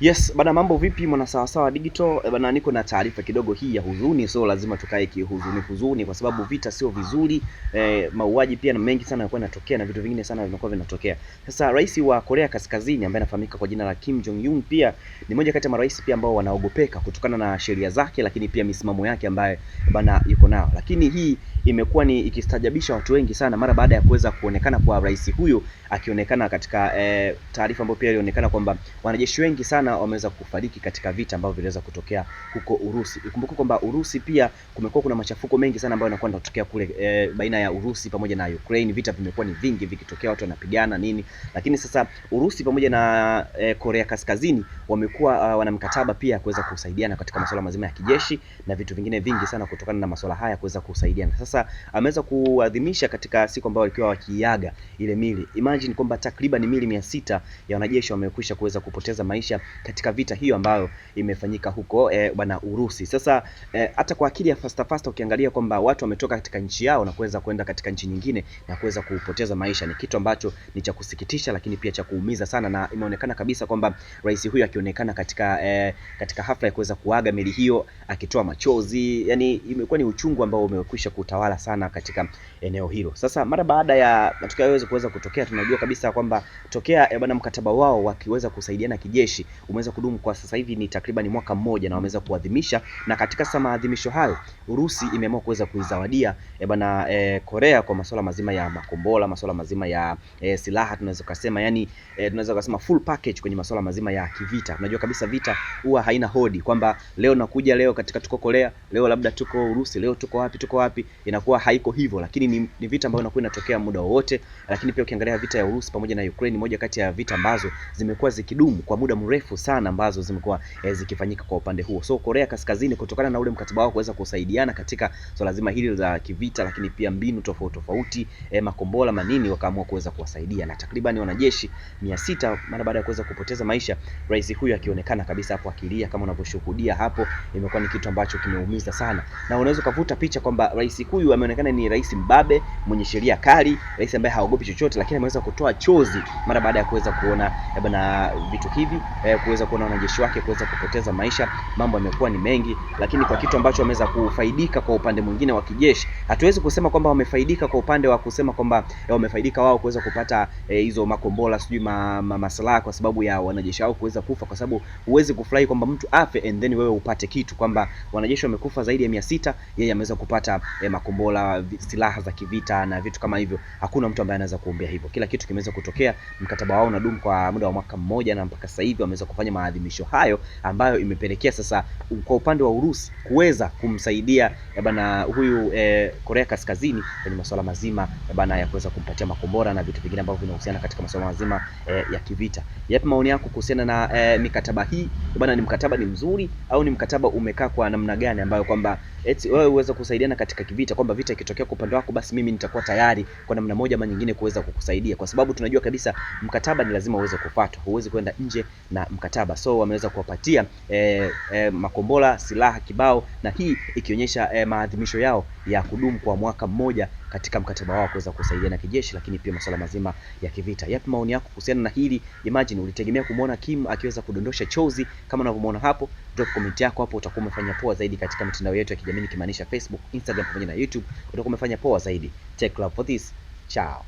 Yes bana, mambo vipi mwana sawa sawa digital? Eh, bana, niko na taarifa kidogo hii ya huzuni, so lazima tukae kihuzuni huzuni, kwa sababu vita sio vizuri. E, mauaji pia na mengi sana yanakuwa yanatokea na vitu vingine sana vinakuwa vinatokea. Sasa rais wa Korea Kaskazini ambaye anafahamika kwa jina la Kim Jong Un pia ni mmoja kati ya marais pia ambao wanaogopeka kutokana na sheria zake, lakini pia misimamo yake ambaye bana yuko nao. lakini hii imekuwa ni ikistajabisha watu wengi sana mara baada ya kuweza kuonekana kwa rais huyo akionekana katika e, taarifa ambayo pia ilionekana kwamba wanajeshi wengi sana sana wameweza kufariki katika vita ambavyo viliweza kutokea huko Urusi. Ikumbuke kwamba Urusi pia kumekuwa kuna machafuko mengi sana ambayo yanakuwa yanatokea kule e, baina ya Urusi pamoja na Ukraine. Vita vimekuwa ni vingi vikitokea, watu wanapigana nini, lakini sasa Urusi pamoja na e, Korea Kaskazini wamekuwa uh, wana mkataba pia kuweza kusaidiana katika masuala mazima ya kijeshi na vitu vingine vingi sana kutokana na masuala haya kuweza kusaidiana. Sasa ameweza kuadhimisha katika siku ambayo walikuwa wakiiaga ile mili. Imagine kwamba takriban mili mia sita ya wanajeshi wamekwisha kuweza kupoteza maisha katika vita hiyo ambayo imefanyika huko e, bwana Urusi. Sasa e, hata kwa akili ya fasta fasta ukiangalia kwamba watu wametoka katika nchi yao na kuweza kwenda katika nchi nyingine na kuweza kupoteza maisha ni kitu ambacho ni cha kusikitisha, lakini pia cha kuumiza sana, na imeonekana kabisa kwamba rais huyu akionekana katika e, katika hafla ya kuweza kuaga meli hiyo akitoa machozi, yani imekuwa ni uchungu ambao umekwisha kutawala sana katika eneo hilo. Sasa mara baada ya matukio hayo kuweza kutokea, tunajua kabisa kwamba tokea e, bwana mkataba wao wakiweza kusaidiana kijeshi umeweza kudumu kwa sasa hivi ni takriban mwaka mmoja na wameweza kuadhimisha, na katika sasa maadhimisho hayo Urusi imeamua kuweza kuizawadia e bana e, Korea kwa masuala mazima ya makombola, masuala mazima ya e, silaha tunaweza kusema yani e, tunaweza kusema full package kwenye masuala mazima ya kivita. Unajua kabisa vita huwa haina hodi kwamba leo nakuja leo katika tuko Korea, leo labda tuko Urusi, leo tuko wapi, tuko wapi, inakuwa haiko hivyo, lakini ni, ni vita ambayo inakuwa inatokea muda wowote. Lakini pia ukiangalia vita ya Urusi pamoja na Ukraine, moja kati ya vita ambazo zimekuwa zikidumu kwa muda mrefu sana ambazo zimekuwa e, zikifanyika kwa upande huo. So Korea Kaskazini kutokana na ule mkataba wao kuweza kusaidiana katika swala so zima hili la kivita, lakini pia mbinu tofauti tofauti e, makombora manini, wakaamua kuweza kuwasaidia na takriban wanajeshi 600 mara baada ya kuweza kupoteza maisha, rais huyu akionekana kabisa hapo akilia kama unavyoshuhudia hapo. Imekuwa ni kitu ambacho kimeumiza sana, na unaweza kuvuta picha kwamba rais huyu ameonekana ni rais mbabe, mwenye sheria kali, rais ambaye haogopi chochote, lakini ameweza kutoa chozi mara baada ya kuweza kuona eh, bwana vitu hivi eh, kuweza kuona wanajeshi wake kuweza kupoteza maisha, mambo yamekuwa ni mengi, lakini kwa kitu ambacho wameweza kufaidika kwa upande mwingine wa kijeshi, hatuwezi kusema kwamba wamefaidika kwa upande wa kusema kwamba eh, wamefaidika wao kuweza kupata eh, hizo e, makombola sijui ma, ma, maslaha kwa sababu ya wanajeshi wao kuweza kufa, kwa sababu huwezi kufurahi kwamba mtu afe and then wewe upate kitu, kwamba wanajeshi wamekufa zaidi ya mia sita, yeye ameweza kupata e, eh, makombola, silaha za kivita na vitu kama hivyo. Hakuna mtu ambaye anaweza kuombea hivyo, kila kitu kimeweza kutokea. Mkataba wao unadumu kwa muda wa mwaka mmoja na mpaka sasa hivi wameweza kufanya maadhimisho hayo ambayo imepelekea sasa kwa upande wa Urusi kuweza kumsaidia eh, bana huyu eh, Korea Kaskazini kwenye masuala mazima eh, bana ya kuweza kumpatia makombora na vitu vingine ambavyo vinahusiana katika masuala mazima eh, ya kivita. Yapi maoni yako kuhusiana na eh, mikataba hii bana? Ni mkataba ni mzuri au ni mkataba umekaa kwa namna gani ambayo kwamba eti wewe uweze kusaidiana katika kivita, kwamba vita ikitokea kwa upande wako, basi mimi nitakuwa tayari kwa namna moja ama nyingine kuweza kukusaidia, kwa sababu tunajua kabisa mkataba ni lazima uweze kufuatwa, huwezi kwenda nje na mkataba mkataba, so wameweza kuwapatia e, e, makombora silaha kibao, na hii ikionyesha e, maadhimisho yao ya kudumu kwa mwaka mmoja katika mkataba wao kuweza kusaidia na kijeshi, lakini pia masuala mazima ya kivita. Yapi maoni yako kuhusiana na hili? Imagine ulitegemea kumwona Kim akiweza kudondosha chozi kama unavyomwona hapo? Drop comment yako hapo, utakuwa umefanya poa zaidi katika mitandao yetu ya kijamii nikimaanisha Facebook, Instagram pamoja na YouTube, utakuwa umefanya poa zaidi. Take love for this. Ciao.